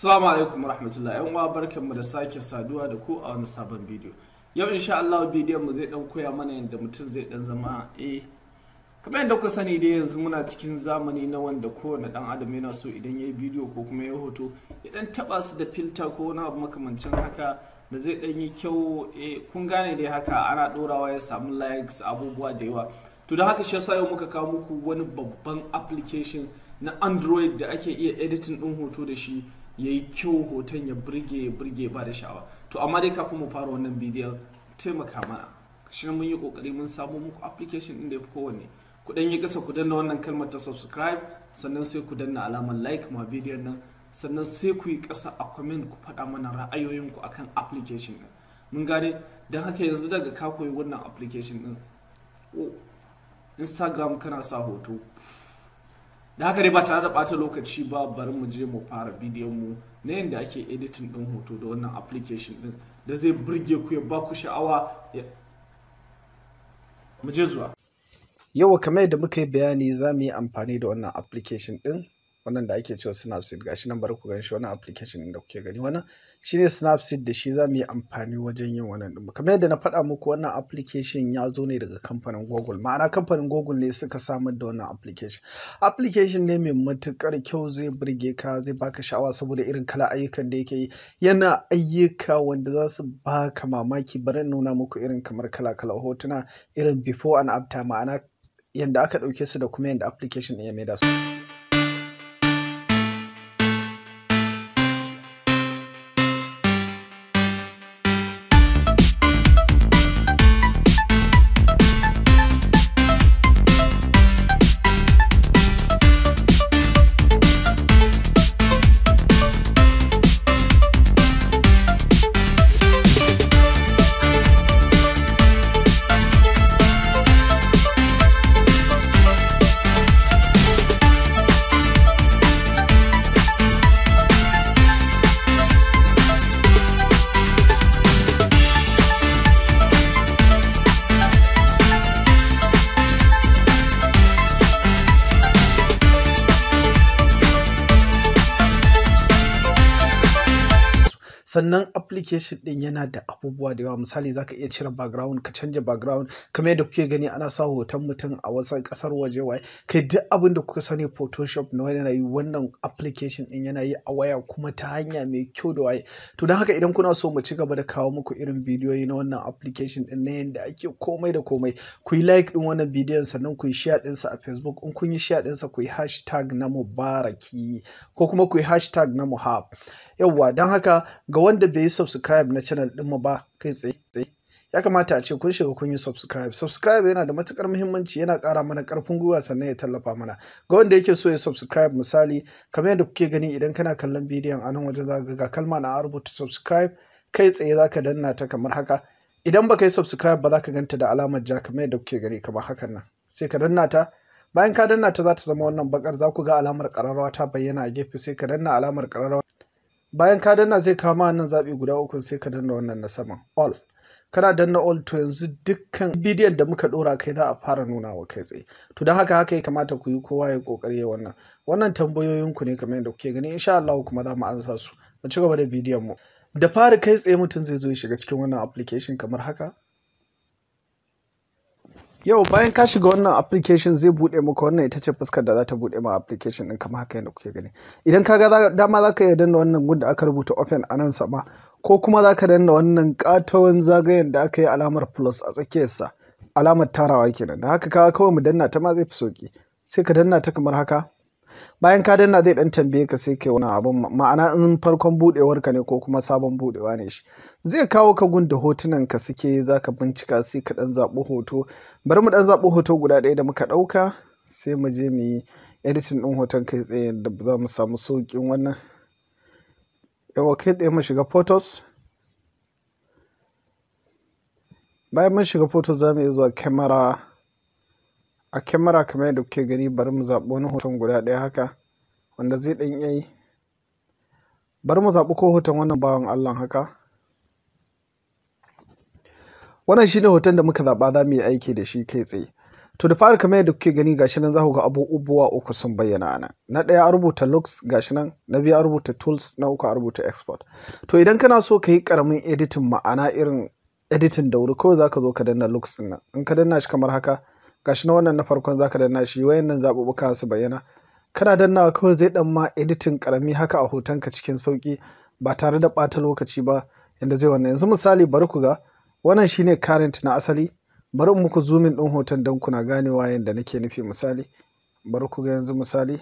Assalamu alaikum warahmatullahi yan uwa barkanmu da sake saduwa da ku a wani sabon bidiyo. Yau insha Allah bidiyon mu zai dan koya mana yadda mutum zai dan zama eh kamar yadda kuka sani dai yanzu muna cikin zamani na wanda kowane dan adam yana so idan yayi bidiyo ko kuma yayi hoto ya dan taba su da filter ko wani abu makamancin haka da zai dan yi kyau eh kun gane dai haka ana dorawa ya samu likes abubuwa da yawa. To da haka shi yasa yau muka kawo muku wani babban application na Android da ake iya editing din hoto da shi ya yi kyau hoton ya burge birge burge ba da sha'awa to amma dai kafin mu fara wannan bidiyon taimaka mana shi mun yi kokari mun samo muku application din da ya fi kowanne ku dan yi kasa ku danna wannan kalmar ta subscribe sannan sai ku danna alamar like ma bidiyon nan sannan sai ku yi kasa a comment ku faɗa mana ra'ayoyinku akan application din mun gane don haka yanzu daga ka koyi wannan application din instagram kana sa hoto da haka dai ba tare da bata lokaci ba bari mu je mu fara bidiyon mu na yadda ake editing din hoto da wannan application din da zai burge ku ya baku ku sha'awa mu je zuwa yau kamar yadda muka yi bayani za mu yi amfani da wannan application din wannan da ake cewa Snapseed gashi nan bari ku gan shi wannan application da kuke gani wannan shine Snapseed da shi za mu yi amfani wajen yin wannan din kamar yadda na faɗa muku wannan application ya zo ne daga kamfanin Google ma'ana kamfanin Google ne suka samar da wannan application application ne mai matukar kyau zai burge ka zai baka sha'awa saboda irin kala ayyukan da yake yi yana ayyuka wanda za su baka mamaki bari nuna muku irin kamar kala kala hotuna irin before and after ma'ana yadda aka ɗauke su da kuma yadda application ɗin ya maida su sannan application ɗin yana da abubuwa da yawa misali zaka iya cire background ka canja background kamar yadda kuke gani ana sa hoton mutum a wasan ƙasar waje waye kai duk abin da kuka sani photoshop na yana yi wannan application din yana yi a waya kuma ta hanya mai kyau da waye to don haka idan kuna so mu ci gaba da kawo muku irin bidiyoyi na wannan application ɗin na yadda ake komai da komai ku yi like ɗin wannan bidiyon sannan ku yi share ɗinsa a facebook in kun yi share ɗinsa ku yi hashtag na mubaraki ko kuma ku yi hashtag na muhab yawwa don haka ga wanda bai yi subscribe na channel ɗinmu ba kai tsaye ya kamata a ce kun shiga kun yi subscribe subscribe yana da matukar muhimmanci yana kara mana karfin gwiwa sannan ya tallafa mana ga wanda yake so ya subscribe misali kamar yadda kuke gani idan kana kallon bidiyon a nan wajen za ga kalma na rubuta subscribe kai tsaye za ka danna ta kamar haka idan baka yi subscribe ba za ka ganta da alamar ja kamar yadda kuke gani kamar hakan nan sai ka danna ta bayan ka danna ta za ta zama wannan bakar za ku ga alamar ƙararrawa ta bayyana a gefe sai ka danna alamar ƙararrawa bayan ka danna zai kama wannan zaɓi guda uku sai ka danna wannan na saman all kana danna all to yanzu dukkan bidiyon da muka ɗora kai za a fara nuna wa kai tsaye to don haka haka ya kamata ku yi kowa ya kokari ya wannan wannan tambayoyin ku ne kamar yadda kuke gani insha Allah kuma za mu ansa su mu ci gaba da bidiyon mu da fara kai tsaye mutum zai zo ya shiga cikin wannan application kamar haka yau bayan ka shiga wannan application zai bude maka wannan ita ce fuskar da za ta bude ma application din kama haka yadda kuke gani idan ka ga dama za ka iya danna wannan gun da aka rubuta open a nan sama ko kuma za ka danna wannan katawan zagayen da aka yi alamar plus a tsakiyarsa alamar tarawa kenan da haka kawo kawai mu danna ta ma zai fi sauki sai ka danna ta kamar haka bayan ka danna zai dan tambaye ka sai kai wani abun ma'ana in farkon budewar ka ne ko kuma sabon budewa ne shi zai kawo ka gun da hotunan ka suke zaka bincika sai ka dan zabi hoto bari mu dan zabi hoto guda ɗaya da muka dauka sai mu je mu yi editing din hoton kai tsaye da za mu samu saukin wannan yawa kai tsaye mu shiga photos bayan mun shiga photos za mu iya zuwa camera A kyamara kamar yadda kuke gani bari mu zaɓi wani hoton guda ɗaya haka wanda zai ɗan yi. Bari mu zaɓi ko hoton wannan bawan Allah haka. Wannan shine hoton da muka zaɓa za mu yi aiki da shi kai tsaye. To da fara kamar yadda kuke gani gashi nan za ku ga abubuwa uku sun bayyana a nan. Na ɗaya a rubuta looks gashi nan, na biyu a rubuta tools, na uku a rubuta export. To idan kana so ka yi ƙaramin editing ma'ana irin editing da wuri kawai za ka zo ka danna looks ɗin nan. In ka danna shi kamar haka gashi na wannan na farkon zaka danna shi wayannan zabubuka su bayyana kana dannawa kawai zai dan ma editing karami haka a hotonka cikin sauki ba tare da bata lokaci ba yanda zai wannan yanzu misali bari ku ga wannan shine current na asali bari ku muku in din hoton dan kuna ganewa yanda nake nufi misali bari ku ga yanzu misali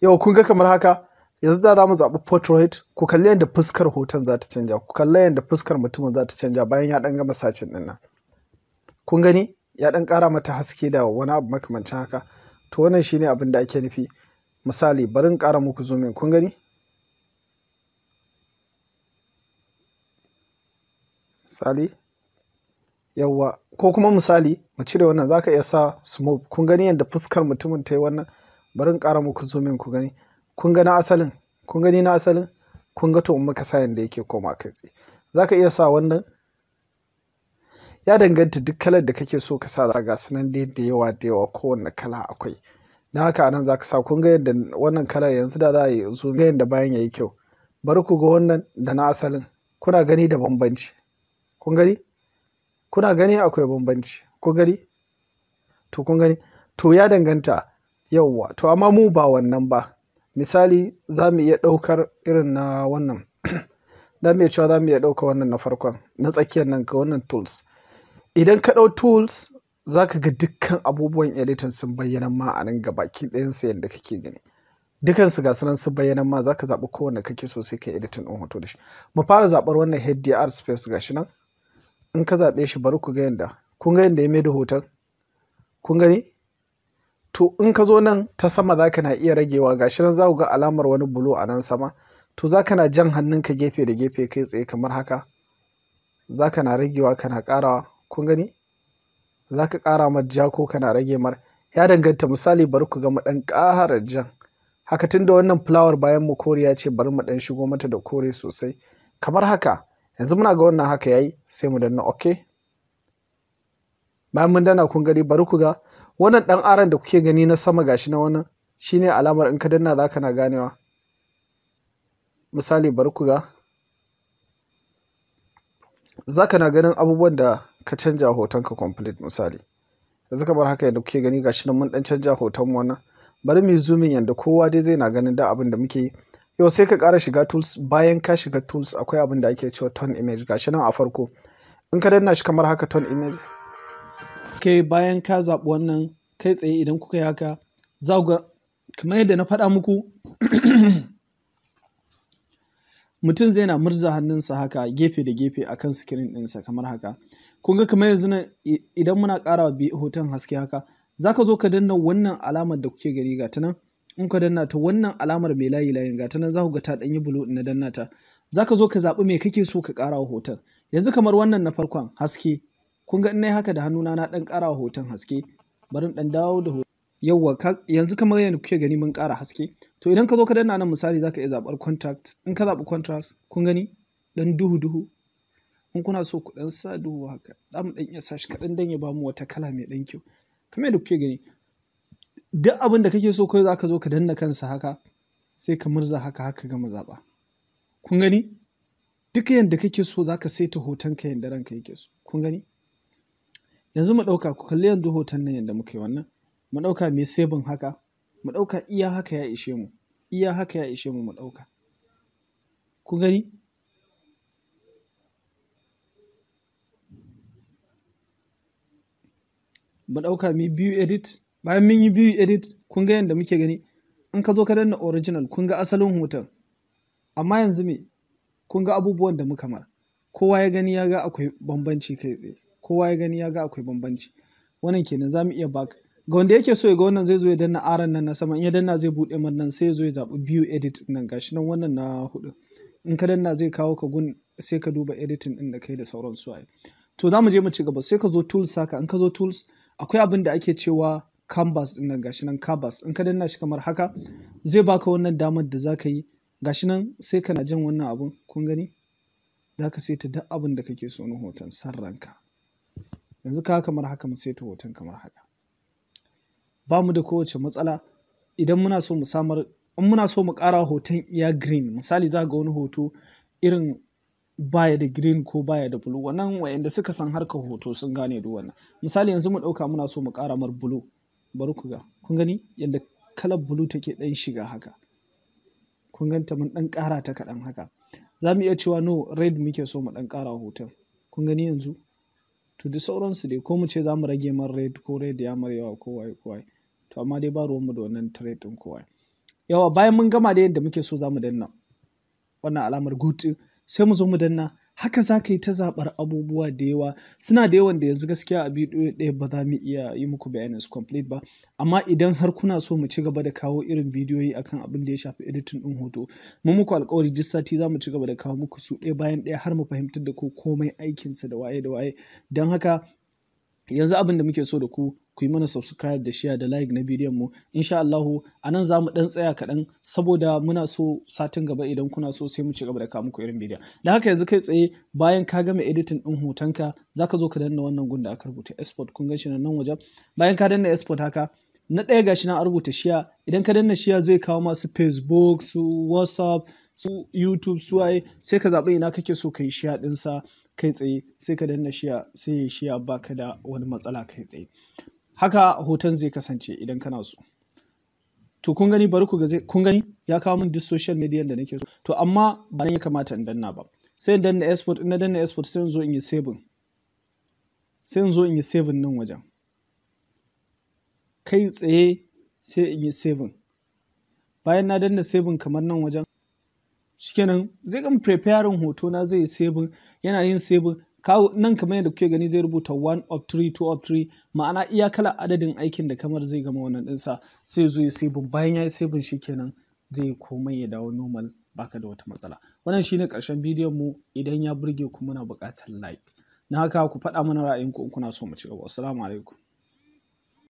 yau kun ga kamar haka yanzu da za mu zaɓi portrait ku kalli yadda fuskar hoton za ta canja ku kalli yadda fuskar mutumin za ta canja bayan ya ɗan gama sacin ɗin nan kun gani ya ɗan ƙara mata haske da wani abu makamancin haka to wannan shine abin da ake nufi misali bari in ƙara muku zoom kun gani misali yawwa ko kuma misali mu cire wannan zaka iya sa smoke kun gani yadda fuskar mutumin ta yi wannan bari in ƙara muku zoom ku gani kun ga na asalin kun gani na asalin kun ga to in muka sa yanda yake koma kai tsaye zaka iya sa wannan ya danganta duk kalar da kake so ka sa za ga sunan dai da yawa da yawa wanne kala akwai na haka anan za ka sa kun ga yadda wannan kala yanzu da za a yi yanzu ga yadda bayan ya yi kyau bari ku ga wannan da na asalin kuna gani da bambanci kun gani kuna gani akwai bambanci kun gani to kun gani to ya danganta yawwa to amma mu ba wannan ba misali za mu iya ɗaukar irin na wannan za mu iya cewa za mu iya ɗaukar wannan na farkon na tsakiyar nan ga wannan tools idan ka ɗau tools za ka ga dukkan abubuwan editing sun bayyana ma a nan gabaki sa yadda kake gani dukansu ga sunan sun bayyana ma za ka zaɓi kowanne kake so sai ka editing ɗin hoto da shi mu fara zaɓar wannan HDR space ga shi nan in ka zaɓe shi bari ku ga yadda kun ga yadda ya maida hoton kun gani to in ka zo nan ta sama za ka na iya ragewa ga shi nan za ku ga alamar wani bulo a nan sama to za ka na jan hannunka gefe da gefe kai tsaye kamar haka za ka na ragewa kana ƙarawa Kun gani? Za ka ƙara ma ja ko kana rage mar. Ya danganta misali bari ku ga mu ɗan ƙara jan. Haka tun da wannan fulawar bayan mu koriya ce bari mu ɗan shigo mata da kore sosai. Kamar haka yanzu muna ga wannan haka yayi sai mu danna OK. Bayan mun danna kun gani bari ku ga wannan ɗan aron da kuke gani na sama gashi na wannan shine alamar in ka danna za ka na ganewa. Misali bari ku ga. Za ka na ganin abubuwan da ka canja hotonka complete misali yanzu kamar haka yadda kuke gani gashi nan mun dan canja hoton wannan bari mu in yanda kowa dai zai na ganin da abin da muke yi yau sai ka ƙara shiga tools bayan ka shiga tools akwai abin da ake cewa turn image gashi nan a farko in ka danna shi kamar haka turn image kai bayan ka zaɓi wannan kai tsaye idan kuka yi haka za ku ga kamar yadda na faɗa muku mutum zai na murza hannunsa haka gefe da gefe akan screen ɗinsa kamar haka kun ga kamar yanzu nan idan muna ƙara hoton haske haka za ka zo ka danna wannan alamar da kuke gani ga ta nan in ka danna ta wannan alamar mai layi layin ga ta nan za ku ga ta ɗanyi bulo na danna ta za ka zo ka zaɓi me kake so ka ƙara wa hoton yanzu kamar wannan na farkon haske kun ga in haka da hannuna na ɗan ƙara wa hoton haske bari in ɗan dawo da hoton yauwa yanzu kamar yadda kuke gani mun ƙara haske to idan ka zo ka danna nan misali za ka iya zaɓar contract in ka zaɓi contrast kun gani ɗan duhu duhu in kuna so ku ɗan sa duhu haka za mu ɗan iya sa shi kaɗan dan ya ba mu wata kala mai ɗan kyau kamar yadda kuke gani duk abin da kake so kawai za ka zo ka danna kansa haka sai ka murza haka haka gama zaɓa kun gani duk yadda kake so za ka saita hoton ka yadda ranka yake so kun gani yanzu mu ɗauka ku kalli yanzu hoton nan yadda muka yi wannan mu ɗauka mai sebin haka mu ɗauka iya haka ya ishe mu iya haka ya ishe mu mu ɗauka kun gani ba ɗauka mi biyu edit bayan mun yi biyu edit kun ga yadda muke gani in ka zo ka danna original kun ga asalin hoton amma yanzu me kun ga abubuwan da muka mar kowa ya gani ya ga akwai bambanci kai tsaye kowa ya gani ya ga akwai bambanci wannan kenan za mu iya baka ga wanda yake so ya ga wannan zai zo ya danna aran nan na sama in ya danna zai buɗe man nan sai ya zo ya zaɓi biyu edit nan gashi nan wannan na hudu in ka danna zai kawo ka gun sai ka duba editing din da kai da sauran su to za mu je mu ci gaba sai ka zo tools saka in ka zo tools akwai abin da ake cewa canvas din nan gashi nan canvas in ka danna shi kamar haka zai baka wannan damar da zaka yi gashi nan sai kana jin wannan abun kun gani zaka saita duk abin da kake so na hoton san ranka yanzu ka kamar haka mu saita hoton kamar haka ba mu da kowace matsala idan muna so mu samar in muna so mu kara hoton iya green misali za ga wani hoto irin baya da green ko baya da blue wannan wayanda suka san harkar hoto sun gane duk wannan misali yanzu mu ɗauka muna so mu kara mar blue bari ku ga kun gani yanda kalar blue take ɗan shiga haka kun ganta mun ɗan kara ta kadan haka za mu iya cewa no red muke so mu dan kara hoton kun gani yanzu to da sauransu dai ko mu ce za mu rage mar red ko red ya mar yawa ko wai ko wai to amma dai ba mu da wannan trade din ko wai yawa bayan mun gama da yadda muke so za mu danna wannan alamar good sai mu zo mu danna haka za ka yi ta zaɓar abubuwa da yawa suna da yawan da yanzu gaskiya a bidiyo ɗaya ba za mu iya yi muku bayanin su complete ba amma idan har kuna so mu ci gaba da kawo irin bidiyoyi akan abin da ya shafi editing ɗin hoto mu muku alkawari duk sati za mu ci gaba da kawo muku su ɗaya bayan ɗaya har mu fahimtar da ku komai aikinsa da waye da waye don haka yanzu abin da muke so da ku ku yi mana subscribe da share da like na bidiyon mu insha Allahu a nan za mu dan tsaya kaɗan saboda muna so satin gaba idan kuna so sai mu ci gaba da kawo muku irin bidiyon da haka yanzu kai tsaye bayan ka gama editing din hotonka za ka zo ka danna wannan gun da aka rubuta export kun gan shi nan wajen bayan ka danna export haka na ɗaya gashi na rubuta shiya idan ka danna shiya zai kawo masu facebook su whatsapp su youtube su waye sai ka zaɓi ina kake so ka yi shiya ɗinsa kai tsaye sai ka danna shiya sai ya shiya baka da wani matsala kai tsaye haka hoton zai kasance idan kana so to kun gani bari ku ga kun gani ya kawo min duk social media da nake so to amma ba nan ya kamata in danna ba sai in danna export in na danna export sai in zo in yi saving sai in zo in yi saving nan wajen kai tsaye sai in yi saving bayan na danna saving kamar nan wajen shikenan zai gama preparing hoto na zai saving yana yin saving kawo nan kamar yadda kuke gani zai rubuta one of three two of three ma'ana iya kala adadin aikin da kamar zai gama wannan ɗinsa sai zo ya bayan ya yi saving shikenan zai yi komai ya dawo normal baka da wata matsala wannan shine karshen bidiyon mu idan ya burge ku muna buƙatar like na haka ku faɗa mana ra'ayinku in kuna so mu ci gaba assalamu alaikum